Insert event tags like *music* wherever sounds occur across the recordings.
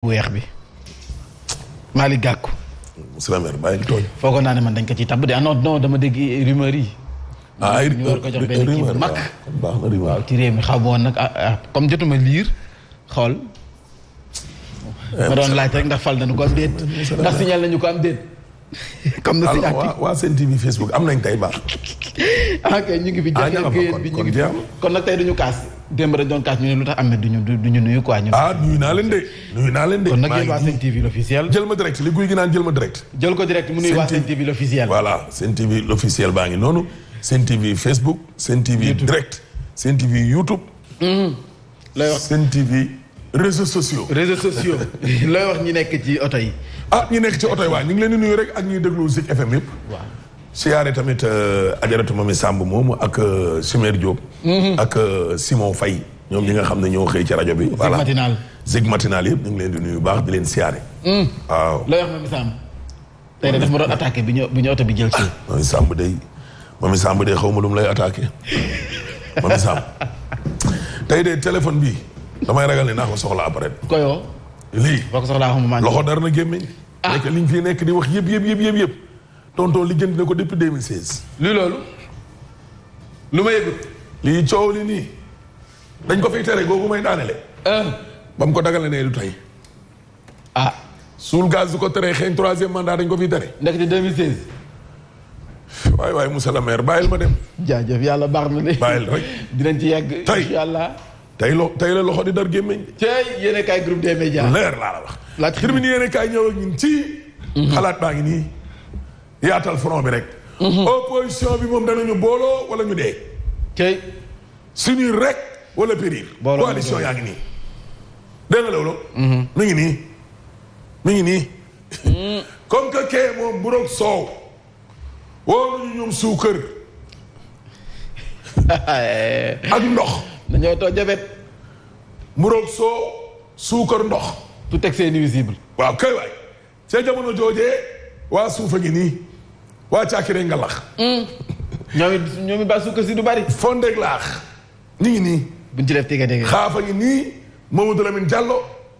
bu weex bi Malick Gakou. monsieur le maire bàyyi tooñ. foogoon ne man dañ ko ciy tàbb de ah non non dama dégg rumeur yi. ah ay rumeur ñu war mag. ci réew mi xaw ma woon nag ah, ah, comme jotuma liir xool. Eh, ma doon laaj rek ndax fal nañu ko am déet. ndax signal nañu ko am déet. *laughs* comme na si ak waa waa seen TV Facebook am nañ tey baax. *laughs* ok ñu ngi fi jeexal ah, ñu kaas. démb rek doon kaas ñu ne lu tax am na duñu duñu nuyu quoi. ñu ah nuyu naa leen de. nuyu naa leen de kon nag yéen waa seen TV l'officiel. jël ma direct li guy gi naan jël ma direct. jël ko direct mu nuyu waa seen TV l'officiel. voilà seen TV l'officiel baa ngi noonu. seen TV Facebook. seen TV direct. seen TV YouTube. Mm-hmm. lay wax seen réseaux sociaux. réseaux sociaux *laughs* looy wax ñu nekk ci oto yi. a ah, ñu nekk ci oto yi waaw ñu ngi leen di nuyu rek ak ñuy déglu Zik FM yëpp. waaw siyaare tamit euh, Ajaratu Mami Samb moomu ak Chimère euh, Diop. Mm-hmm. ak euh, Simon Faye ñoom ñi nga xam ne ñoo xëy ci rajo bi. voilà Zik matinal Zik matinal yëpp ñu ngi leen di nuyu baax di leen siyaare. Mm. waaw looy wax Mami Samb. tey daf ma doon attaqué bi ñu bi oto bi jël ci. Ah, Mami Samb day Mami sàmb day xaw ma lu mu lay attaqué *laughs* Mami Samb tey de téléphone bi. damay ragal ni naa ko soxla après. koyoo. lii boo ko soxlaa xamuma maa loxo dara na gémmiñ. ah liñ fi nekk di wax yëpp yëpp yëpp yëpp yëpp. tonton li jënd na ko depuis 2016. lii loolu. lu ma yëgut. lii coow li nii. dañ ko fiy tere googu may daanele. Ah. bam mu ko dagale nee du tey. ah. suul gaz du ko tere xëy troisième mandat dañ ko fiy tere. nekk di 2016. waay waay monsieur le maire bàyyil ma dem. jaajëf yàlla baax na de. bàyyil rek dinañ ci yàgg. tey yàlla. tey lo tey la loxo di dar gémmiñ. tey yéen a kaay groupe des médias. leer laa la wax. laaj termine yéen a kaay ñëw ñun ci. Mhm. xalaat baa ngi nii yaatal front bi rek. Mhm. opposition bi moom danañu booloo wala ñu dee. tey. rek wala périr. booloo coalition yaa ngi nii. dégg nga loolu. Mhm. mi ngi nii *laughs* comme que kee moom bu soow. woo nañu ñoom suukar. *laughs* ak ndox. dañoo too jabet muroog soo suukar ndox du teg seen visible waaw kay waay ca jamono joojee waa suufa ngi nii waa caakire nga lax ñoomi hmm. ñoomi ba suukar si du bari fondeg laax ñu ngi nii buñ ci def tege tege xaafa ngi nii Mamadou Lamine Diallo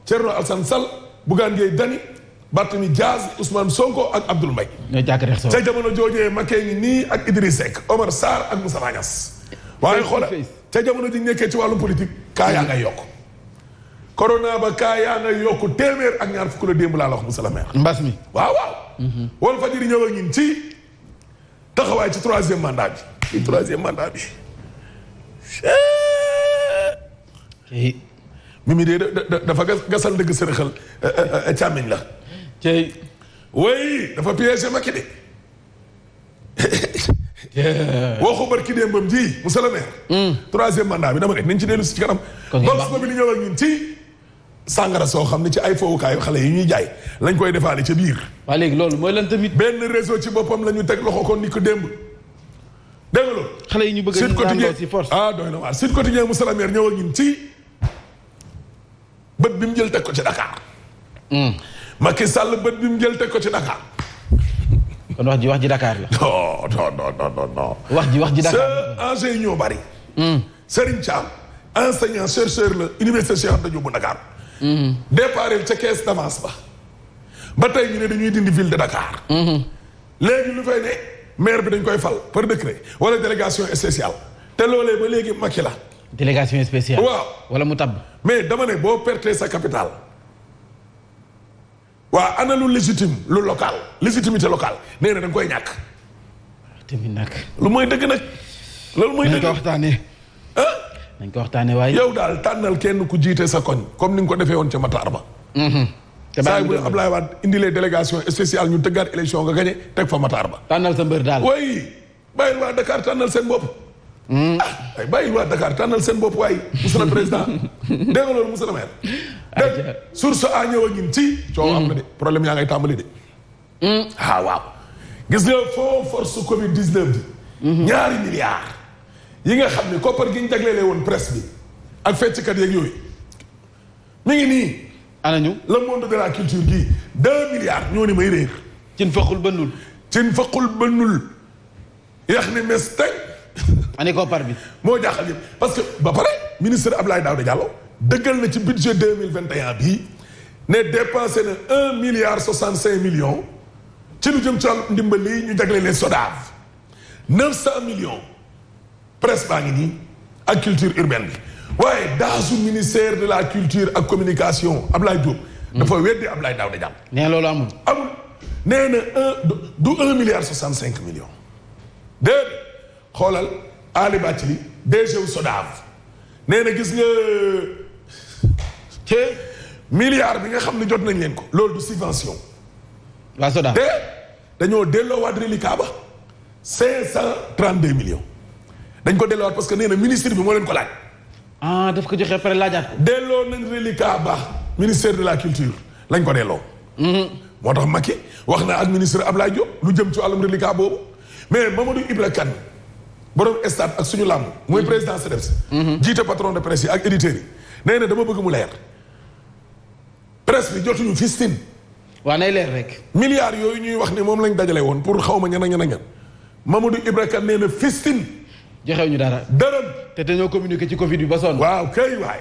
Thierno Alassane Sall Bougane Gueye Dany Barthélemy Dias Ousmane Sonko ak Abdoul Mbaye ñoo jàkkaarloo soo ca jamono joojee Macky ngi nii ak Idriss Seck Omar Sarr ak Moussa Niass waaye xoolal ca jamono ji nekkee ci wàllu politique kaa yaa ngay yokk corona ba kaa yaa yokk téeméer ak ñaar fukk la démb laa la wax monsieur mbas mi waaw waaw mhm. wal fajiri ñëw ak ñun ci taxawaay ci troisième mandat bi ci troisième mandat dafa gasal dëgg sërëxal e, e, e, càmmiñ la cey way dafa piégé Macky de *laughs* woo ko ki démbam ji monsieur le maire. Hmm. troisième mandat bi dama ne nañ ci dellu si ci kanam. kon bi li ñëw ak ñun ci. sàngara soo xam ne ci ay fowukaay xale yi ñuy jaay lañ koy defaale ca biir. waa léegi loolu mooy lan tamit. benn réseau ci boppam la ñu teg loxo kon ni ko démb. dégg xale yi ñu bëgg a ñu si force ah doy na waar Sud Quotidien monsieur le maire ñëw ak bët bi mu jël teg ko ci Dakar. Hmm. Macky Sall bët bi mu jël teg ko ci Dakar. kon wax ji wax ji Dakar la. non non non non. wax ji wax ji Dakar la. sa enseignant ñoo bari. Hmm. Serigne Thiam enseignant chercheur la université Cheikh Anta Diop bu Dakar. Hmm. départel ca caisse d'avance ba. ba tey ñu ne dañuy dindi ville de Dakar. Hmm. léegi lu fay ne maire bi dañ koy fal par décret wala délégation spéciale te loolee ba léegi Macky la. délégation spéciale. waaw wala mu tabb. mais dama ne boo pertee sa capital waa ana lu légitime lu local légitimité locale nee na da nga koy ñàkk. tamit nag. lu mooy dëgg nag. loolu mooy dëgg nañ ko waxtaanee. ah. nañ ko waxtaanee waaye. yow daal tànnal kenn ku jiite sa koñ comme ni nga ko defee woon ca Matar ba. Mm-hmm. te baax na Ablaye Wade indilee délégation spéciale ñu tëggaat élection nga gañe teg fa mataar ba. tànnal sa mbër daal. oui bàyyil waa Dakar tànnal seen bopp. Hmm. *coughs* ay bàyyi waa Dakar tànnal seen bopp waay monsieur le président *laughs* dégg nga loolu monsieur le maire. dégg source a ñëw a ngin ci coow am na de hmm. problème yaa ngay tàmbali de hmm. ah waaw gis nga foo force covid 19 bi ñaari milliards yi nga xam ne koppar gi ñu woon presse bi ak fecckat yeeg yooyu mi ngi nii anañu le monde de la culture gii deux milliards ñoo ni may réer cin faqul bënnul cin faqul bënnul yax ni mes tey *laughs* ani koppar bi. moo jaaxal yëpp parce que ba pare ministre Abdoulaye Daouda Diallo dëggal na ci budget deux mille vingt et un bii ne dépensé na un milliard soixante cinq millions ci lu jëm ci wàllu ndimbal lii ñu jagle leen SODAV neuf cent millions presse ngi nii ak culture urbaine bi waaye daa su ministère de la culture ak communication Ablaye Diop. dafa hmm. weddi Ablaye Daouda Diallo. nee loolu amul. amul nee na un du un milliard soixante cinq millions. xoolal Ali Bathily DG wu SODAV nee na gis nga ce milliard bi nga xam ne jot nañ leen ko loolu du subvention waa soda de dañoo delloowaat reliquat ba cinq cent trente deux millions dañ ko delloowaat parce que nee na ministre bi moo leen ko laaj ah ko joxee pare laajaat ko delloo nañ reliquat ba ministère de la culture lañ ko delloo mm-hmm. moo tax Macky wax na ak ministre Ablaye Diop lu jëm ci wàllum reliquat boobu mais Mamadou Ibra Kane borom stade ak suñu làmb mooy mhm. président CDEPS mhm. jiite patron de presse yi bëgg mu leer presse bi jotuñu fistin waa nay leer rek milliards yooyu ñuy wax ni moom lañ dajale woon pour xaw ma ñan ak ñan ak ñan Mamadou Ibra Kane nee ñu dara dërëm te dañoo communiqué ci Covid bi ba sonn waaw kay waay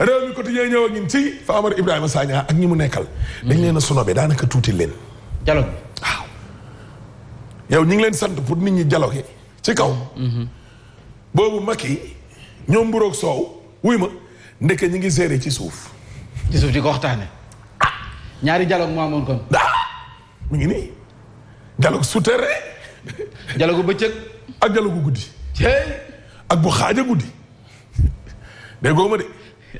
réew mi quotidien ñëw ak ngi ci Famara Ibrahima saañaa ak ñi mu nekkal mhm. dañ leen a sunobee daanaka tuuti leen dialogue waaw yow ñu ngi leen sant pour nit ñi jalo yi ci kaw. Mhm. boobu Macky ñoom mburoog soow wuy ma ndekke ñi ngi gérer ci suuf. ci suuf di ko waxtaane ah, ñaari dialogue moo amoon daa ah, mu ngi nii dialogue souterrain. dialogue bu bëccëg. ak bu guddi. ak bu xaaja guddi. dégg nga ma de.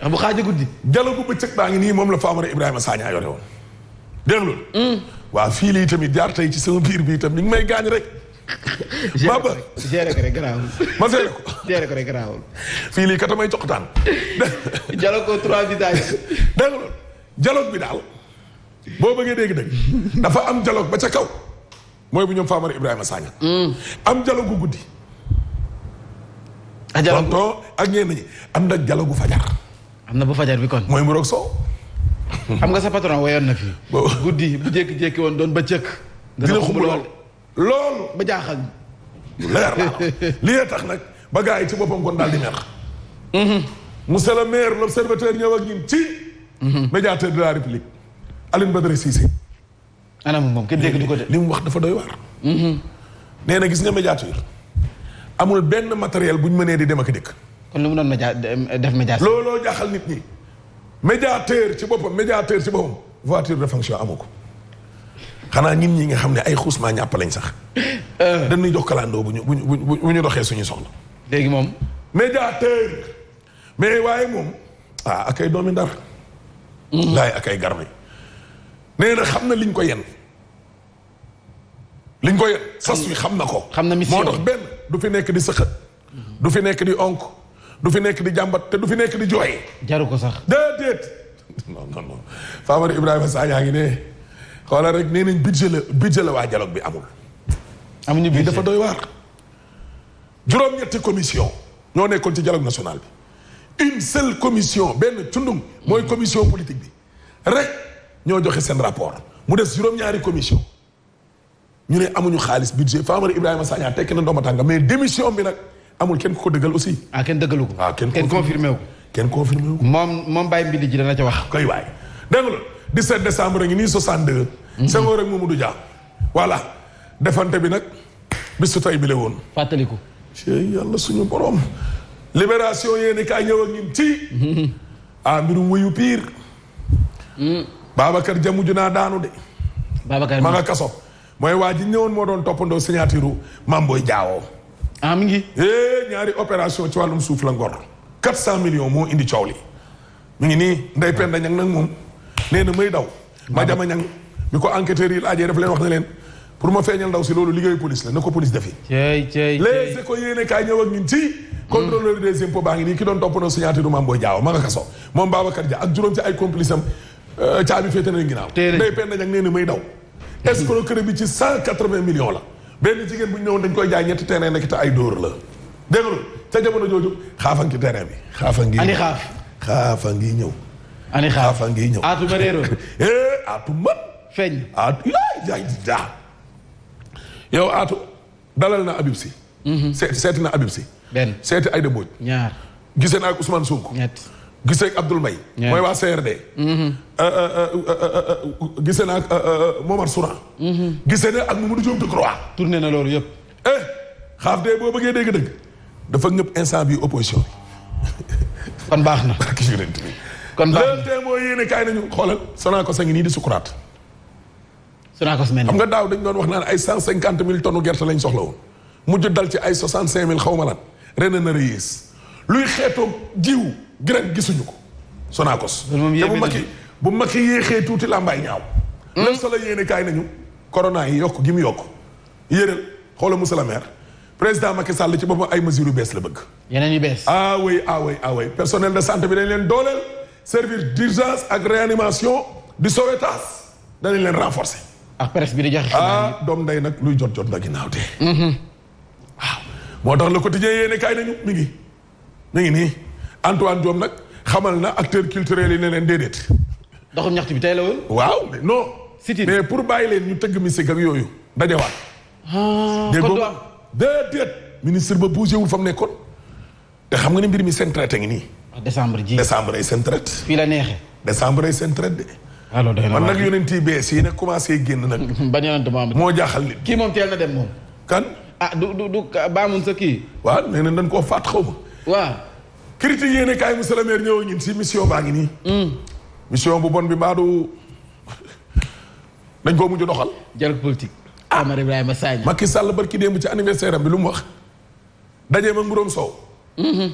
ak bu xaaja guddi. dialogue bu bëccëg baa ngi nii moom la Famara Ibrahima Sagna yore woon. dégg nga mm. waa fii lii tamit jaar tey ci sama biir bi itam ni ngi may gaañ rek. *laughs* baba géré ko rek garaawul. ma géré ko. *laughs* rek garaawul. fii lii katamay coqtaan. *laughs* dialogue aux trois bi daal boo bëggee dégg dëgg dafa am dialogue ba ca kaw mooy bu ñoom Famara Ibrahima Sagna. Mm. am dialogue gu guddi. ah dialogue ak ñenn am na dialogue gu fajar. am na bu fajar bi kon. mooy mu roog soow. xam nga sa patron wayoon na fi. guddi bu jékki-jékki woon doon ba cëkk. dina xumb lool loolu ba jaaxal ñu leer *laughs* la tax nag ba gars yi ci boppam kon daal di mer mhm. monsieur le maire l'observateur ñëw ak ñun ci mhm. médiateur de la république Alioune Badara Cissé anam moom kenn dégg du ko de li mu wax dafa doy waar mhm. nee na gis nga médiateur amul benn matériel bu ñu mënee di dem ak dëkk kon lu mu doon média def médiateur looloo jaaxal nit ñi médiateur ci boppam médiateur ci boppam voiture de fonction amu ko xanaa ñun ñi nga xam ne ay xuusmaa ñàpp lañ sax. *laughs* dañuy jox kalandoo bu ñu bu ñu bu ñu doxee suñu soxla. léegi moom. médiateur. mais waaye moom. ah ak ay doomi ndar. Mm-hmm. laay ak ay garmi. nee na xam na liñ ko yen liñ ko yenn sas wi xam na ko. xam na mission moo tax benn du fi nekk di sëqat. Mm-hmm. du fi nekk di onk. du fi nekk di jàmbat te du fi nekk di jooy. jaru ko sax. déedéet. *laughs* non non non Famara ngi ne. xoolal rek nee nañ budget la budget la waa dialogue bi amul. amuñu budget dafa doy waar. juróom-ñetti commission ñoo nekkoon ci dialogue national bi une seule commission benn tundum mooy commission politique bi rek ñoo joxe seen rapport mu des juróom-ñaari commission ñu ne amuñu xaalis budget Famara Ibrahima Sagna tekki na ma tànga mais démission bi nag amul kenn ku ko dëggal aussi. ah kenn dëggalu ko. ah kenn confirmé wu ko kenn confirmé wu ko. moom moom Baye Mbindi ji dana ca wax. koy waay 17 décembre a ngi nii 62. Mhm. Senghor ak Mamadou Dia. voilà defante bi nag bisu tay bi la woon. fàttaliku. yàlla suñu borom. libération yéen kaay ñëw ak ñun ci. ah mbirum wuyu piir. Mhm. Babacar Dia mujj naa daanu de. Babacar ma nga kaso. mooy waa ji ñëwoon moo doon toppandoo signature Mame Boye Diao. am ah, mi ngi. ñaari opération ci wàllum suuf la ngor. 400 million moo indi coow li mu ngi nii Ndeye Penda Niang nag moom. nee na may daw. ma jama ñang bi ko enquêteurs yi laajee daf leen wax ne leen pour ma feeñal ndaw si loolu liggéeyu police la na ko police defi. cey cey les éco yéene kaay ñëw ak ñun ci. contrôleur des impôts baa ngi nii ki doon toppandoo signature Mame Boye Diao ma nga kaso moom Babacar Dia ak juróom ci ay complice am euh, caabi féete na ginaaw. teel a Ndeye Penda Niang nee na may daw. escroquerie bi ci cent quatre-vingts la. benn jigéen bu ñu ñëwoon dañ koy jaay ñetti terrain nekk ay dóor la dégg nga ca xaafa ngi ci terrain bi. xaafa ngi andi xaaf xaafa ngi ñëw ani xaar fan ngi ñëw aatu ma réeroon *laughs* eh, aatu man feeñ aatu yaay jaay yow aatu dalal na Habib Sy mhm. seeti na Habib Sy benn seeti Aïda Mbodj ñaar gisee naa ak Ousmane Sonko ñett gisee ak Abdoul Mbaye mooy waa CRD mhm. euh, euh, euh, gisee na ak Momar Soura mhm. gisee na ak Mamadou Diop Decroix tourné na loolu yëpp eh xaaf de boo bëggee dégg dëgg dafa ñëpp instant bi opposition bi kon baax na *laughs* kon baax na léegi mooy yéene kaay nañu xoolal Sonacos a ngi nii di sukuraat. Sonacos mel xam nga daaw dañ doon wax naan ay cent cinquante mille tonnes gerte lañ soxla woon mujj dal ci ay soixante cinq mille xaw ma lan ren na yées luy xeetoo jiw graine gisuñu ko Sonacos. te bu makki bu makki yéexee tuuti làmbaay ñaaw. Hmm? léegi solo yéene kaay nañu corona yi yokk gi mu yokk yéeral xoolal monsieur le maire président Macky Sall ci boppam ay mesures yu bees la bëgg. yeneen yu bees. ah oui ah oui ah oui personnel de santé leen dooleel. service d'urgence ak réanimation di Sowétas danañ leen renforcer. ak presse bi di joxe xibaar ah doom nag luy jot jot na ginnaaw te. Mhm. waaw moo tax le quotidien yéene kaay nañu mi ngi mi ngi nii Antoine nag xamal na acteur culturel yi ne leen déedéet. doxum ñaxtu bi tey la waaw non. sitine pour bàyyi leen ñu tëgg ak yooyu dajewaat. ah kon déedéet ministre ba bougé wul fa mu te xam nga ni mbir mi seen traité ngi nii. décembre ji décembre ay seen fii la neexee. décembre ay seen de. man nag yonent yi bees yi nag commencé génn nag. ban yonent maam moo jaaxal nit. kii moom teel na dem moom. kan. ah du du du baamun sa kii. waaw nee na dañ koo faat xaw waa waaw. critique yéene kaay monsieur le maire si mission baa ngi nii. Hmm. mission bu bon bi Maodo *laughs* dañ koo mujj doxal. dialogue politique. Amar ah. Ibrahima Sagna. Macky Sall barki démb ci anniversaire bi lu mu wax. daje ma nguróom soow.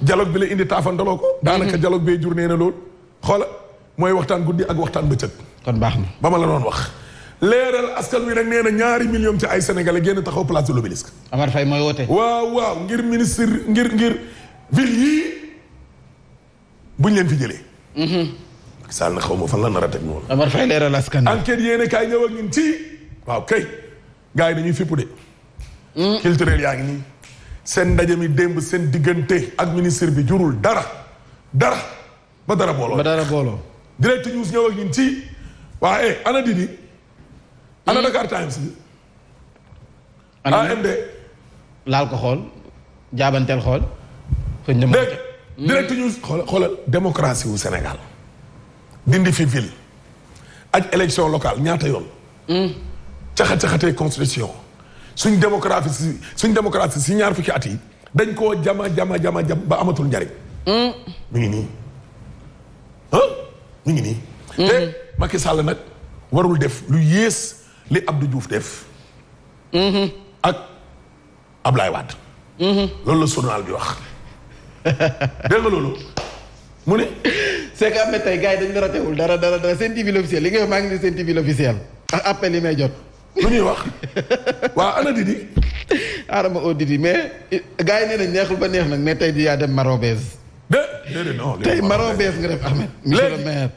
dialogue bi la indi taafandaloo ko daanaka mhm. dialogue bee jur nee na loolu xoola mooy waxtaan guddi ak waxtaan bëccëg kon baax na ba ma la doon wax leeral askan wi nag nee na ñaari million ci ay sénégalais génn taxaw place de l'obélisque Amar woote waaw waaw ngir ministre ngir ngir ville yii buñ leen fi jëlee mhm. Sall na xaw ma fan la nar a teg noonu Amar Faye leeral askan wi enquête yéene kaay ñëw ak waaw kay gars yi dañuy fépp mm. culturel yaa ngi nii seen ndaje mi démb seen diggante ak ministre bi jurul dara dara ba dara booloo. ba dara booloo. direct news ñëw ak ñun ci waaye eh, ana Didi. ana hmm? Dakar Times bi. ana AMD. laal ko xool jaabanteel xool. xëy na hmm? direct wu Sénégal. dindi fi ville. ak élection locale ñaata yoon. Hmm? caxa caxatee constitution. suñ démocratie si suñ démocratie si ñaar fukki at yi dañ koo jama jama jama jam ba amatul njariñ mu hmm. ngi nii ah mu ngi nii hmm. te Macky Sall nag warul def lu yées li Abdou juuf def hmm. ak Ablaye Wade loolu la journal bi wax dégg nga mu ne c'est que am na tey gars yi dañ la ratewul dara dara dara Sen TV l'officiel li nga maa ngi ni Sen TV l'officiel ak appel yi may jot lu ñuy wax waa ana Didi. aadama oo oh, Didi mais gars yi nee nañ neexul ba neex na ne tey di yaa dem Marobès. de déedéet non tey Marobès nga def Ahmed. monsieur le maire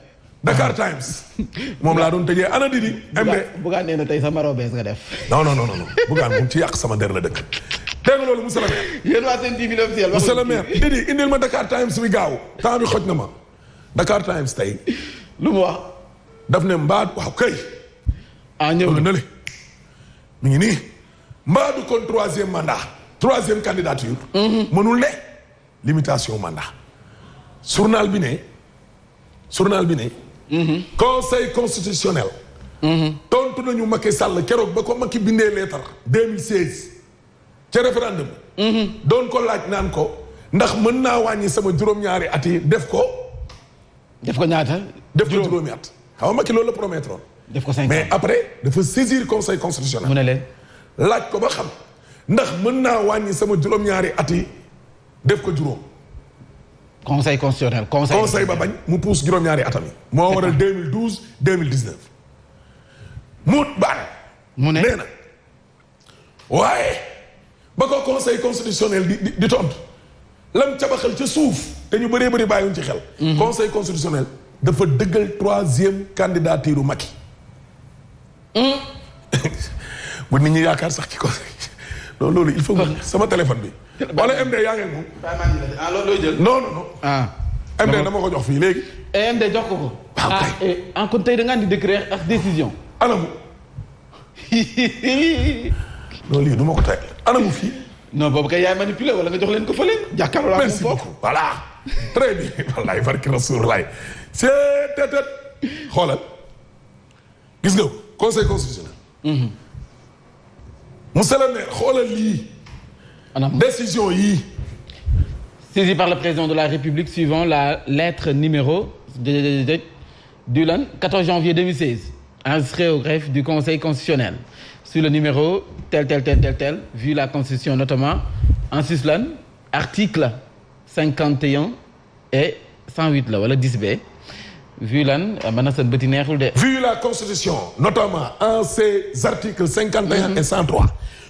Dakar Times. moom laa doon tëjee ana Didi. MB bugaan nee na tey sa bees nga def. non non non non bugaan mu ci yàq sama der la dëkk. dégg nga loolu monsieur le maire. yéen waa seen TV l'officiel wax monsieur le maire Didi indil ma Dakar Times bi gaaw temps bi xoj na ma Dakar Times tey. lu mu wax. daf ne mbaat waaw kay. ah ñëw na mi ngi nii mbaa du kon troisième mandat troisième candidature. Mhm. mënul ne limitation mandat. journal bi ne journal bi ne. Mhm. conseil constitutionnel. Mhm. tontu nañu Macky sàll keroog ba ko Macky bindee leetar 2016 ca référendum. doon ko laaj naan ko ndax mën naa wàññi sama juróom-ñaari at def ko. def ko ñaata. def ko juróomi at. xaw ma Macky loolu la promettre def ko cinq ans mais après dafa saisir conseil constitutionnel. mu ne leen laaj ko ba xam ndax mën naa wàññi sama juróom at yi def ko juróom. conseil constitutionnel conseil. conseil ba bañ mu pousse juróom-ñaari atam yi. moo waral 2012 2019. mu baare. mu ne nee na waaye ba ko conseil di di tontu lam cabaxal ca suuf te ñu bëree bëri bàyyiwuñ ci xel. Mm-hmm. conseil constitutionnel dafa dëggal troisième candidature u Macky. bu nit ñi yaakaar sax ci ko *laughs* non loolu il faut *laughs* sama téléphone bi. wala MD yaa ngeen ko. ah loolu looy jël. non non non. ah MD dama ko jox fii léegi. Eh, MD jox ko ko. ah, ah eh, en kon tey da ngaa di décret ak décision. anamu. *laughs* non lii du ma ko tey anamu fii. non boobu kay yaay manipuler wala nga jox leen ko fële. jàkkaarloo laa merci beaucoup voilà. très bien wallaay barki rasuul laay. c'est tët xoolal gis nga. conseil constitutionnel. monsieur le maire xoolal décision yii. saisi par le président de la République suivant la lettre numéro de du lan 14 janvier 2016 inscrit au greffe du Conseil constitutionnel sur le numéro tel tel tel vu la Constitution notamment en sus lan article 51 et 108 la wala 10B. vu lan ah, man sa bëti neexul de. vu la constitution notamment en ses articles cinquante et un mhm. et cent trois.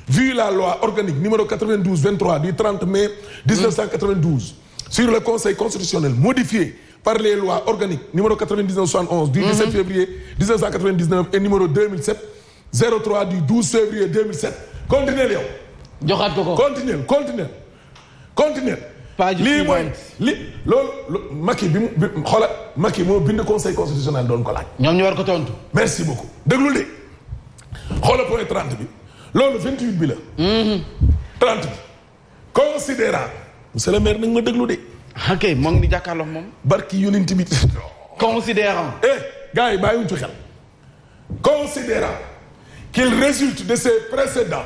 vu la loi organique numéro 92 23 du 30 mai 1992 sur le conseil constitutionnel modifié par les lois organiques numéro 99 71 du 17 mhm. février 1999 et numéro 2007 03 du 12 février 2007 continuez yow. joxaat ko ko continuez continuez continuez. page lii mooy li loolu makki bi mu bi xoola Macky moo bind conseil constitutionnel doon ko laaj. ñoom ñu war ko tontu. merci beaucoup déglu de xoola point 30 bi loolu 28 bi la. 30 mhm. bi. considérant monsieur le maire nag ma déglu de. ok moo ngi ni jàkkaarloo moom. barki yonent bi. considérant. eh gars yi bàyyiwuñ ci xel. considérant qu'il résulte de ces précédents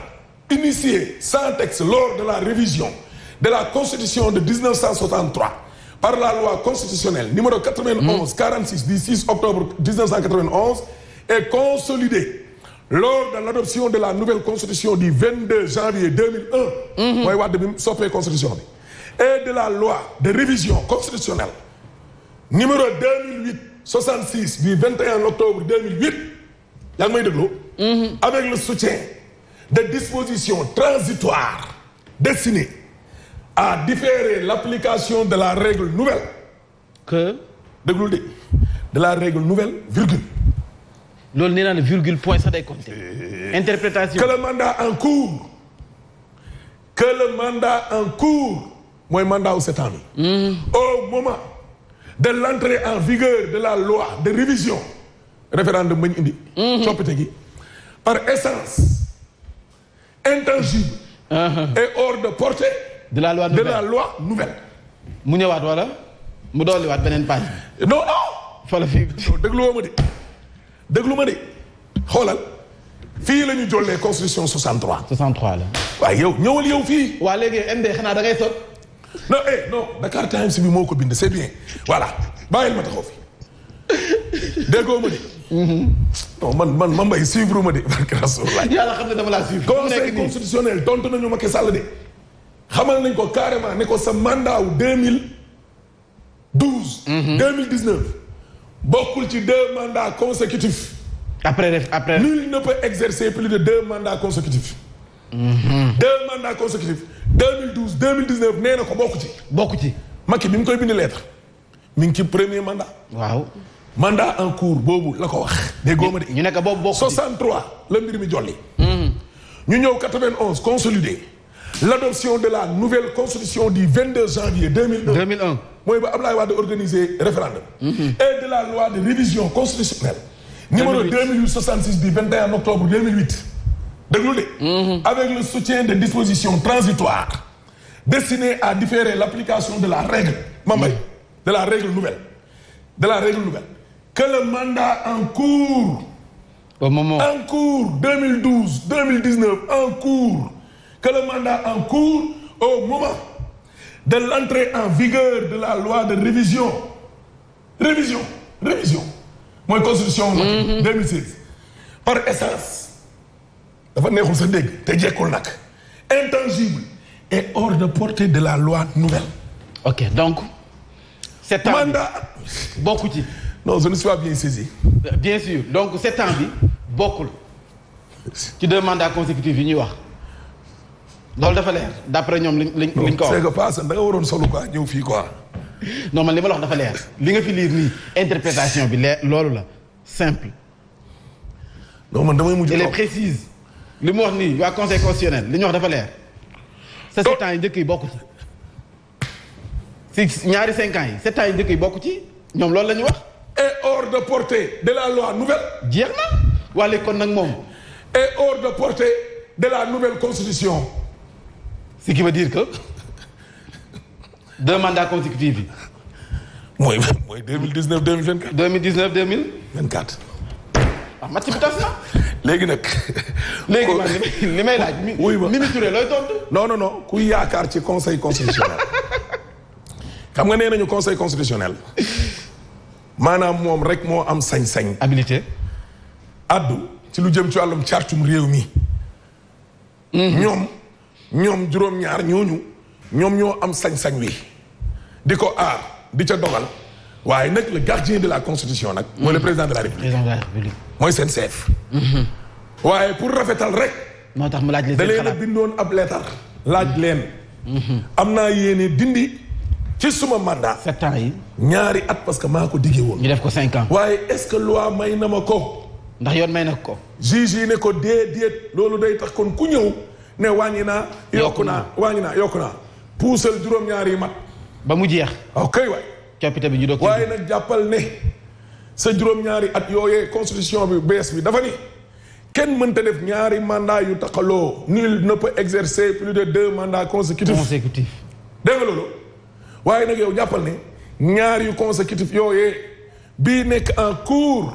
initiés sans texte lors de la révision. de la constitution de 1963 par la loi constitutionnelle numéro 91 46 hmm. du 6 octobre 1991 est consolidée lors de l'adoption de la nouvelle constitution du 22 janvier 2001 hmm. mooy Wade bi soppee constitution bi de la loi de révision constitutionnelle numéro 2008 66 du 21 octobre 2008 yaa ngi may déglu hmm. avec le soutien de dispositions transitoires destinées à différer l'application de la règle nouvelle. que. de la règle nouvelle virgule. loolu nee naa ne virgule point sax day compter. Eh. que le mandat en cours. mooy mandat wu sept ans hmm. au moment de l'entrée en vigueur de la loi de révision référendum ba ñu indi. Hmm. coppite gi par essence intangible. Uh-huh. et hors de portée. de la loi nouvelle de mu ñëwaat wala mu dolliwaat beneen page bi. non non. fala fii dégluwoo ma de déglu ma de xoolal fii la ñu jollee constitution 63. 63 la. waaye yow ñëwal yow fii. waa léegi MD xanaa da ngay sot. non eh non Dakar Times bi moo ko bind c'est bien voilà bàyyil ma taxaw fi déggoo ma de. Mm-hmm. non man man man mbay ma de. *laughs* yàlla xam ne dama laa suivre. conseil constitutionnel tontu nañu Macky Sall de. xamal nañ ko carrément ne ko sa mandat wu deux mille douze. Mhm. deux bokkul ci deux mandats consécutifs. après après. nul ne peut exercer plus de deux mandats consécutifs. Mhm. deux mandats consécutifs deux mille douze deux mille dix neuf nee na ko bokk ci. bokku ci Macky bi mu koy bind lettre mu ngi ci premier mandat. waaw. mandat en cours boobu la ko wax. dégg nga de ñu nekk boobu bokku ci 63 la mbir mi jolli. Mhm. ñu ñëw 91 consolidé. l'adoption de la nouvelle constitution du 22 janvier 2001. 2001 mooy ba Abdoulaye Wade organiser référendum. Mm -hmm. et de la loi de révision de. Mm -hmm. avec le soutien des dispositions de la règle. la règle la règle nouvelle. que le mandat en que la mandat en cours au moment de l'entrée en vigueur de la loi de révision révision mooy constitution Macky mhm. par essence dafa neexul sax dégg te jekkul nag intangible et hors de portée de la loi nouvelle ok donc sept ans mandat bokku ci non je ne suis pas bien saisi bien sûr donc sept ans bi bokkul ci deux mandats consécutifs yi ñuy wax loolu dafa leer d'après ñoom liñ liñ liñ ko wax. c'est que paase da nga waroon solu quoi ñëw fii ko non man li ma la wax dafa leer li nga fi liir nii interprétation bi leer loolu la simple. non man damay mujj. elle est précise li mu wax nii waa conseil constitutionnel li ñu wax dafa leer. sa sept ans yi njëkk yi bokk ci. si ñaari cinq ans yi sept ans yi njëkk yi bokk ci ñoom loolu la ñu wax. est hors de portée de la loi nouvelle. jeex na wala kon nag moom. est hors de portée de la nouvelle constitution. ce qui veut dire que deux mandats consécutifs yi. mooy mooy deux mille dix neuf deux mille vingt quatre. deux mille dix neuf deux mille. vingt quatre. ah match bi tas na. léegi nag. léegi man li may laaj. wuy ma Mimi Touré looy tontu. non non non ku yaakaar ci conseil constitutionnel. *laughs* xam nga nee nañu conseil constitutionnel. maanaam moom rek moo am sañ-sañ. habilité. addu ci lu jëm ci wàllum cartum réew mi. Hmm. ñoom. ñoom juróom-ñaar ñooñu ñoom ñoo am sañ-sañ wi di ko aar di ca dogal waaye nag le gardien de la constitution nag. mooy le mm-hmm. président la république. président de la république. mooy seen chef. Mm-hmm. waaye pour rafetal rek. moo tax mu laaj leen da leen a bindoon ab leetar. laaj mm-hmm. leen. am naa yéene dindi ci suma mandat. sept yi. ñaari at parce que maa ko diggee woon. ñu def ko cinq ans. waaye est-ce que loi may na ma ko. ndax yoon may na ko. juge yi ne ko déedéet loolu day tax kon ku ñëw. ne wàññi naa yokku naa wàññi naa yokk naa puusal juróom-ñaar yi mat ba mu jeex ok waay coppite bi ñu ko waaye nag jàppal ne sa juróom-ñaari at yooyee constitution bi bees bi dafa ni kenn mënta def ñaari mandat yu taxaloo nu ne peut exercer plus de deux mandats consécutifs consécutifs dégg nga loolu waaye nag yow jàppal ne ñaar yu consécutif yooyee bii nekk en cours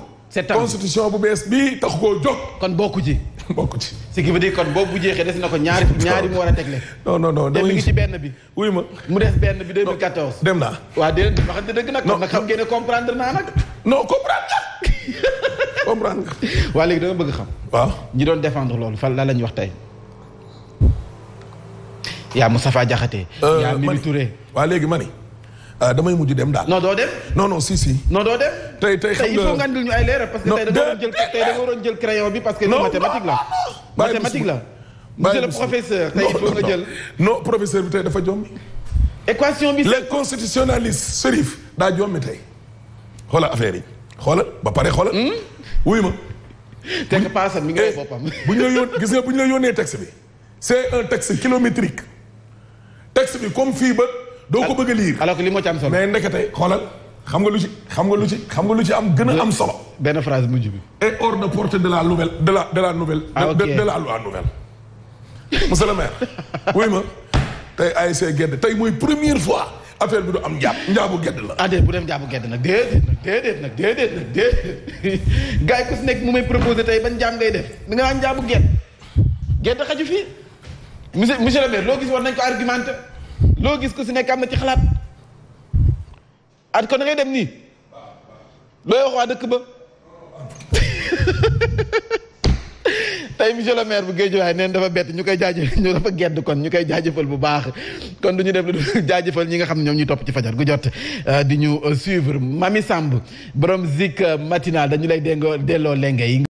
constitution bu bees bii tax koo jóg kon bokku ci *laughs* bokk ci. ce qui veut dire kon boobu bu jeexee des na ko ñaari *laughs* ñaari mu war a tegle. non non non dem ngi benn bi. wuy ma mu des benn bi 2014. dem naa. waa déedéet wax dëgg nag. non nag xam ngeen ne comprendre naa nag. non comprendre nga. *laughs* waa léegi dama bëgg xam. waaw ñi doon défendre loolu fan la la ñu wax tey. yaa Moustapha Diakhaté. Euh, yaa waa léegi ma ni euh, damay mujj doo dem. non non si si. doo dem. tey tey xam nga tey il faut nga andil ñu ay leeral parce que tey da nga waroon jël tey jël crayon bi parce dafa jommi équation bi les constitutionnalistes Serif daa jommi tey xoolal affaire yi xoolal ba pare xoolal hmm? wuyu ma mi ngi lay boppam *laughs* bu ñu la gis nga bu ñu la yónnee texte bi c'est un texte kilométrique texte bi comme fii ba doo ko bëgg a lire alors que li moo ci xoolal xam nga lu ci xam nga lu ci xam nga lu ci am gën a am solo. benn phrase mujj bi. et hors na portée de la nouvelle de la de la nouvelle. Ah, de la loi nouvelle. monsieur le maire. wuy *laughs* ma tey ASC Guédé tey mooy première fois affaire bi du am njaab njaabu Guédé la. ah déedéet bu def njaabu Guédé nag déedéet nag déedéet nag déedéet nag déedéet *laughs* gars yi si nekk mu may proposé tey ban njaam ngay def da nga naan njaabu Guédé Guédé xaju fii monsieur monsieur le maire loo gis war nañ ko argumenté loo gis ko si nekk am na ci xalaat. at kon da dem nii looy wax waa dëkk ba *laughs* tey monsieur le maire bu Guédiawaye neen dafa bett ñu koy jaajëf ñu kon ñu koy jaajëfal bu baax kon du ñu def lu *laughs* jaajëfal ñi nga xam ne ñoom ñuy topp ci fajar gu jot euh, di ñu euh, suivre Mami Samb borom Zik euh, matinal dañu lay déngoo delloo lenge yi